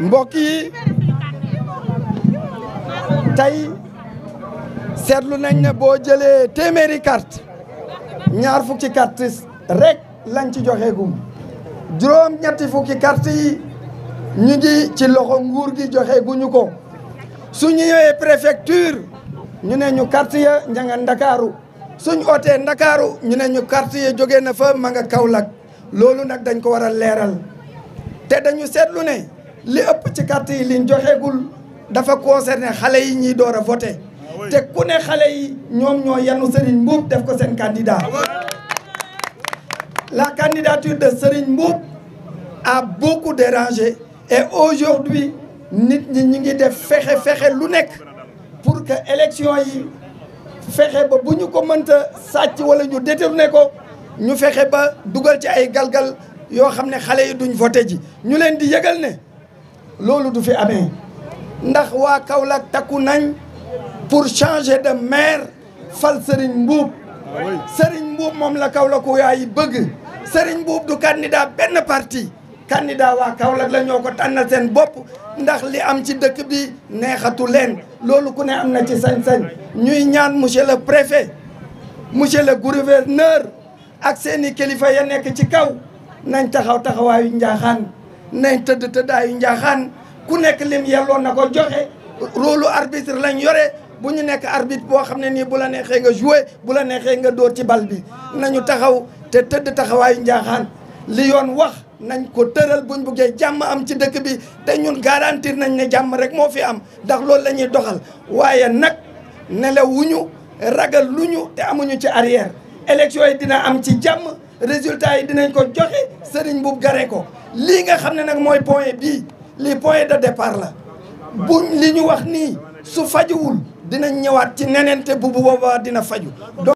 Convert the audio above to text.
mbokk yi tey seetlu nañ ne boo jëlee téeméeri carte ñaar fukki carte rek lañ ci joxe gum juróom ñetti fukki carte yi ñu ngi ci loxo nguur gi joxe guñu ko su ñu ñëwee préfecture ñu ne ñu carte ya ña ndakaaru suñ ootee ndakaaru ñu ne ñu carte ya jógee na fa ma nga Kaolack loolu nag dañ ko war a leeral te dañu seetlu ne li ëpp ci carte yi liñ joxeegul dafa concerné xale yi ñuy door a voté ah te ku ne xale yi ñoom ñoo yanu Serigne Mboup def ko seen candidat ah la candidature de Serigne Mboup a beaucoup dérangé et aujourd'hui nit ñi ñu ngi def fexe fexe lu nekk pour que élection yi fexe ba bu ñu ko mënta sàcc wala ñu ne ko ñu fexe ba dugal ci ay galgal yoo xam ne xale yi duñ voté ji ñu leen di yëgal ne loolu du fi amee ndax waa Kaolack takku nañ pour changer de maire fal Serigne Mboup Serigne Mboup moom la Kaolacku yaa yi bëgg Serigne Mboup du candidat benn parti candidat waa Kaolack la ñoo ko tànnal seen bopp ndax li am ci dëkk bi neexatu leen loolu ku ne am na ci sañ ñuy ñaan monsieur le préfet monsieur le gouverneur ak seeni kilifa ya nekk ci kaw nañ taxaw taxawaayu njaaxaan nañ tëdd tëddaayu njaaxaan ku nekk lim yelloo na ko joxe rôlu arbitre lañ yore bu ñu nekk arbitre boo xam ne nii bu la neexee nga joué bu la neexee nga door ci bal bi nañu taxaw te tëdd taxawaayu njaaxaan li yoon wax nañ ko tëral buñ buggee jàmm am ci dëkk bi te ñun garantir nañ ne jàmm rek moo fi am ndax loolu la ñuy doxal waaye nag nelewuñu ragal luñu te amuñu ci arrière élection yi dina am ci jàmm résultat yi dinañ ko joxe Serigne Mboup gare ko lii nga xam ne nag mooy point bii lii point de départ la bu li ñu wax nii su fajuwul dinañ ñëwaat ci neneen te bu boobaa dina faju